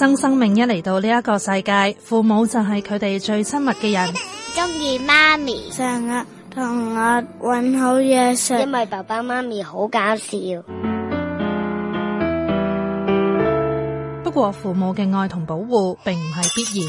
新生命一嚟到呢一個世界，父母就係佢哋最親密嘅人。中意媽咪，成日同我搵好嘢食，因為爸爸媽咪好搞笑。 不過父母嘅愛同保護並唔係必然。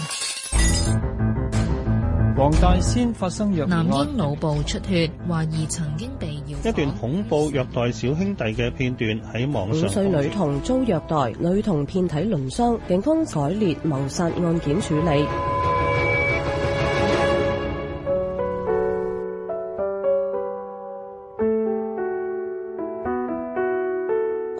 黃大仙發生虐男嬰腦部出血，懷疑曾經被。一段恐怖虐待小兄弟嘅片段喺網上。五歲女童遭虐待，女童遍體鱗傷，警方改列謀殺案件處理。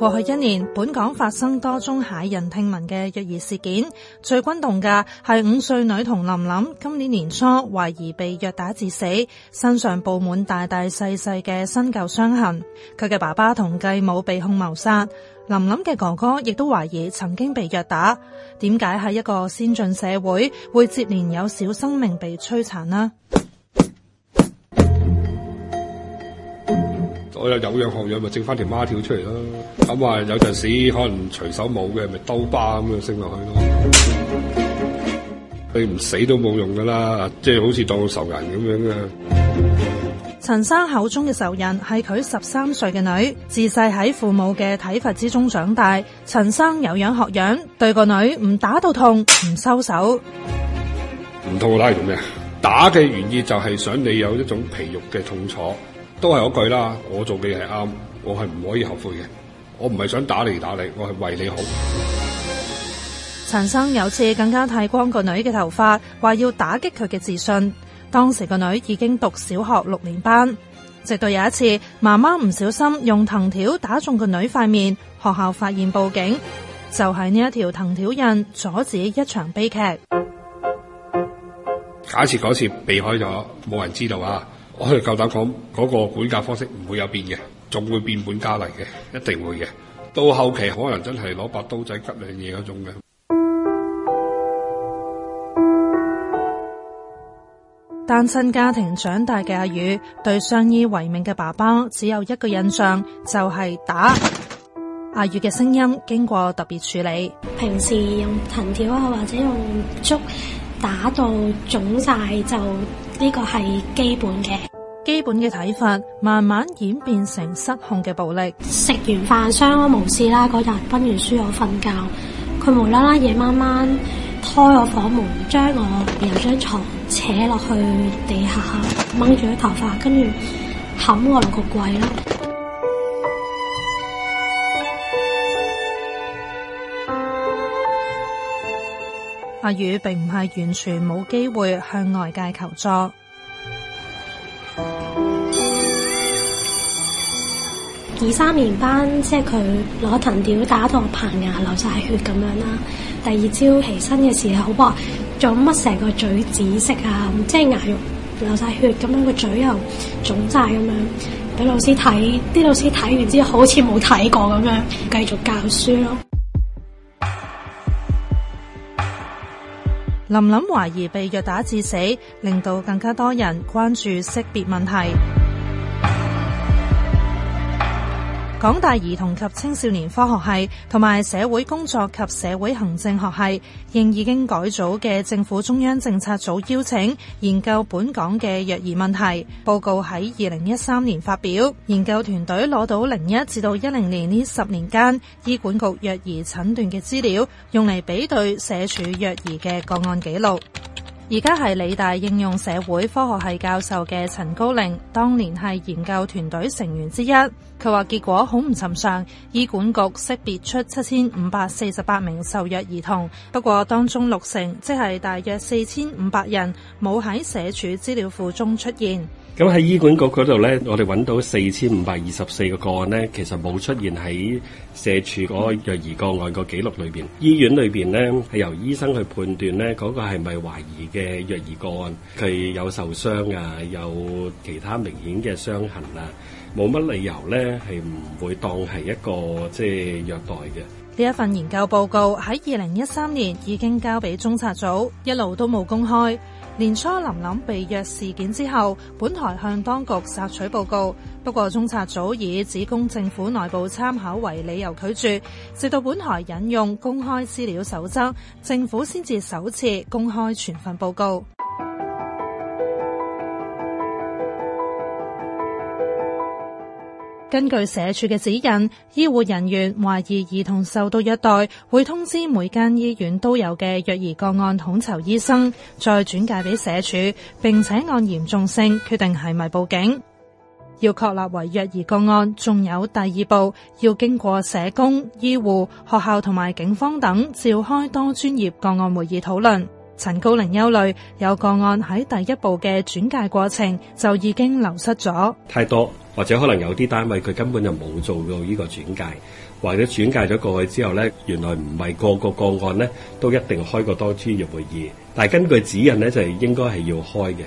過去一年，本港發生多宗駭人聽聞嘅虐兒事件，最轟動嘅係五歲女童臨臨今年年初懷疑被虐打致死，身上布滿大大細細嘅新舊傷痕。佢嘅爸爸同繼母被控謀殺，臨臨嘅哥哥亦都懷疑曾經被虐打。點解喺一個先進社會會接連有小生命被摧殘呢？我有樣學樣，咪整翻條孖條出嚟咯。咁、嗯、啊，有陣時可能隨手冇嘅，咪兜巴咁樣升落去咯。佢唔死都冇用噶啦，即係好似當仇人咁樣啊！陳生口中嘅仇人係佢十三歲嘅女，自細喺父母嘅體罰之中長大。陳生有樣學樣，對個女唔打到痛，唔收手。唔痛打係做咩啊？打嘅原意就係想你有一種皮肉嘅痛楚。都係嗰句啦，我做嘅嘢係啱，我係唔可以後悔嘅。我唔係想打你打你，我係為你好。陳生有次更加剃光個女嘅頭髮，話要打擊佢嘅自信。當時個女已經讀小學六年班。直到有一次，媽媽唔小心用藤條打中個女塊面，學校發現報警，就係呢一條藤條印阻止一場悲劇。假設嗰次避開咗，冇人知道啊。我哋夠膽講，嗰個管教方式唔會有變嘅，仲會變本加厲嘅，一定會嘅。到後期可能真係攞把刀仔吉兩嘢嗰種嘅。單親家庭長大嘅阿宇，對相依為命嘅爸爸，只有一個印象就係打。阿宇嘅聲音經過特別處理，平時用藤條啊或者用竹打到腫晒，就呢個係基本嘅。基本嘅睇法，慢慢演變成失控嘅暴力。食完飯相安無事啦，嗰日溫完書我瞓覺，佢無啦啦夜晚晚開我房門，將我由張床扯落去地下，掹住啲頭髮，跟住冚我落個櫃囉。阿宇並唔係完全冇機會向外界求助。二三年班，即係佢攞藤條打到我棚牙流晒血咁樣啦。第二朝起身嘅時候，哇，做乜成個嘴紫色啊？即係牙肉流晒血咁樣，個嘴又腫晒咁樣。俾老師睇，啲老師睇完之後好似冇睇過咁樣，繼續教書咯。臨臨懷疑被虐打致死，令到更加多人關注識別問題。港大兒童及青少年科學系同埋社會工作及社會行政學系，應已經改組嘅政府中央政策組邀請，研究本港嘅虐兒問題。報告喺二零一三年發表。研究團隊攞到零一至到一零年呢十年間，醫管局虐兒診斷嘅資料，用嚟比對社署虐兒嘅個案記錄。而家係理大應用社會科學系教授嘅陳高玲，當年係研究團隊成員之一。佢話結果好唔尋常，醫管局識別出七千五百四十八名受虐兒童，不過當中六成，即係大約四千五百人，冇喺社署資料庫中出現。咁喺醫管局嗰度咧，我哋揾到四千五百二十四個個案咧，其實冇出現喺社署嗰個虐兒個案個記錄裏邊。醫院裏邊咧，係由醫生去判斷咧，嗰個係咪懷疑嘅虐兒個案，佢有受傷啊，有其他明顯嘅傷痕啊，冇乜理由咧係唔會當係一個即係、就是、虐待嘅。呢一份研究報告喺二零一三年已經交俾中策組，一路都冇公開。年初臨臨被虐事件之後本台向當局索取報告，不過中策組以只供政府內部參考為理由拒絕，直到本台引用公開資料守則，政府先至首次公開全份報告。根據社署嘅指引，醫護人員懷疑兒童受到虐待，會通知每間醫院都有嘅虐兒個案統籌醫生，再轉介俾社署，並且按嚴重性決定係咪報警。要確立為虐兒個案，仲有第二步，要經過社工、醫護、學校同埋警方等，召開多專業個案會議討論。陳高凌憂慮有個案喺第一步嘅轉介過程就已經流失咗太多，或者可能有啲單位佢根本就冇做到呢個轉介，或者轉介咗過去之後咧，原來唔係個個個案咧都一定開過多專業會議，但係根據指引咧就係應該係要開嘅。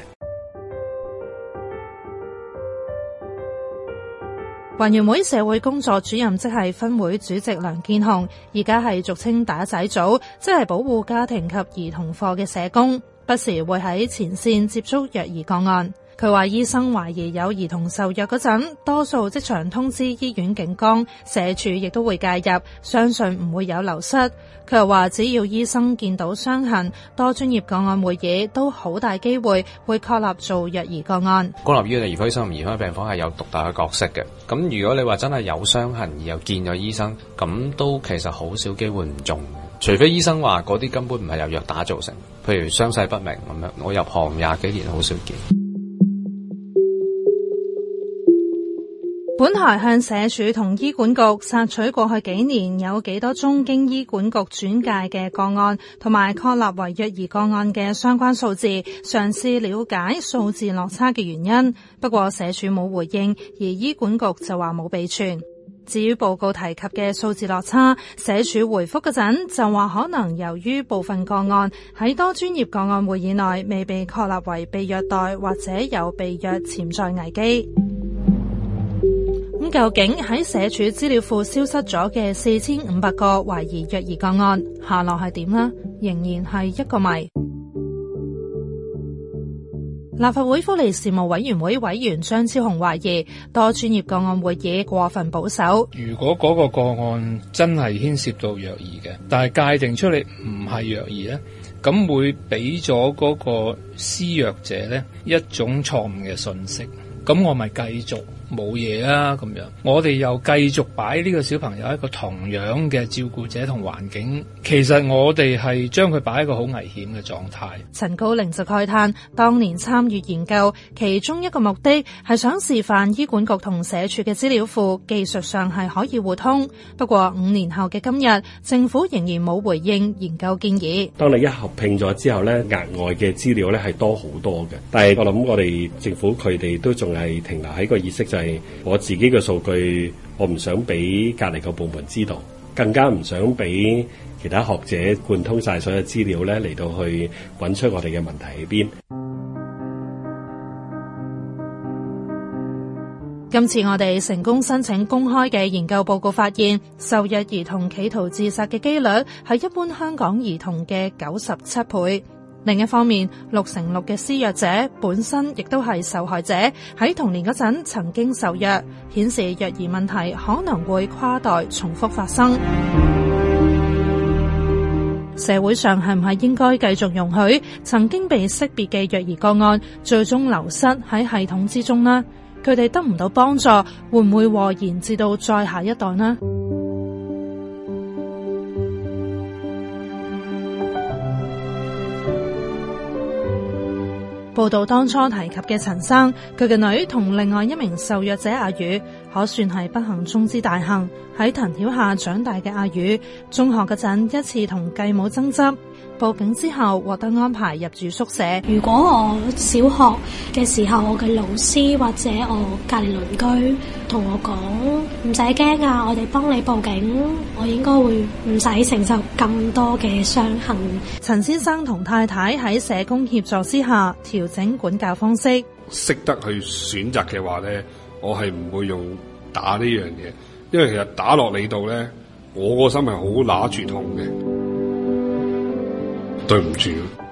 華員會社會工作主任即係分會主席梁建雄，而家係俗稱打仔組，即係保護家庭及兒童課嘅社工，不時會喺前綫接觸虐兒個案。佢話：醫生懷疑有兒童受虐嗰陣，多數即場通知醫院警崗，社署亦都會介入。相信唔會有流失。佢又話：只要醫生見到傷痕，多專業個案會議都好大機會會確立做虐兒個案。公立醫院嘅兒科醫生同兒科病房係有獨特嘅角色嘅。咁如果你話真係有傷痕而又見咗醫生，咁都其實好少機會唔中。除非醫生話嗰啲根本唔係由虐打造成，譬如傷勢不明咁樣，我入行廿幾年好少見。本台向社署同醫管局索取過去幾年有幾多宗經醫管局轉介嘅個案，同埋確立為虐兒個案嘅相關數字，嘗試了解數字落差嘅原因。不過社署冇回應，而醫管局就話冇備存。至於報告提及嘅數字落差，社署回覆嗰陣就話可能由於部分個案喺多專業個案會議內未被確立為被虐待或者有被虐潛在危機。究竟喺社署資料庫消失咗嘅四千五百個懷疑虐兒個案，下落係點呢？仍然係一個謎。 立法會福利事務委員會委員張超雄懷疑多專業個案會議過分保守。如果嗰個個案真係牽涉到虐兒嘅，但係界定出嚟唔係虐兒咧，咁會俾咗嗰個施虐者咧一種錯誤嘅信息。咁我咪繼續。冇嘢啊，咁樣我哋又繼續擺呢個小朋友一個同樣嘅照顧者同環境，其實我哋係將佢擺一個好危險嘅狀態。陳高凌就慨嘆，當年參與研究，其中一個目的係想示範醫管局同社署嘅資料庫技術上係可以互通，不過五年後嘅今日，政府仍然冇回應研究建議。當你一合併咗之後咧，額外嘅資料咧係多好多嘅，但係我諗我哋政府佢哋都仲係停留喺個意識就係。我自己嘅數據，我唔想俾隔籬個部門知道，更加唔想俾其他學者貫通晒所有資料咧，嚟到去揾出我哋嘅問題喺邊。今次我哋成功申請公開嘅研究報告，發現受虐兒童企圖自殺嘅幾率係一般香港兒童嘅九十七倍。另一方面，六成六嘅施虐者本身亦都係受害者，喺童年嗰陣曾經受虐，顯示虐兒問題可能會跨代重複發生。 社會上係唔係應該繼續容許曾經被識別嘅虐兒個案最終流失喺系統之中呢？佢哋得唔到幫助，會唔會禍延至到再下一代呢？報道當初提及嘅陳生，佢嘅女兒同另外一名受虐者阿宇。可算係不幸中之大幸。喺藤條下長大嘅阿宇，中學嗰陣一次同繼母爭執，報警之後獲得安排入住宿舍。如果我小學嘅時候，我嘅老師或者我隔籬鄰居同我講，唔使驚啊，我哋幫你報警，我應該會唔使承受咁多嘅傷痕。陳先生同太太喺社工協助之下調整管教方式。識得去選擇嘅話咧。我係唔會用打呢樣嘢，因為其實打落你度咧，我個心係好揦住痛嘅。對唔住。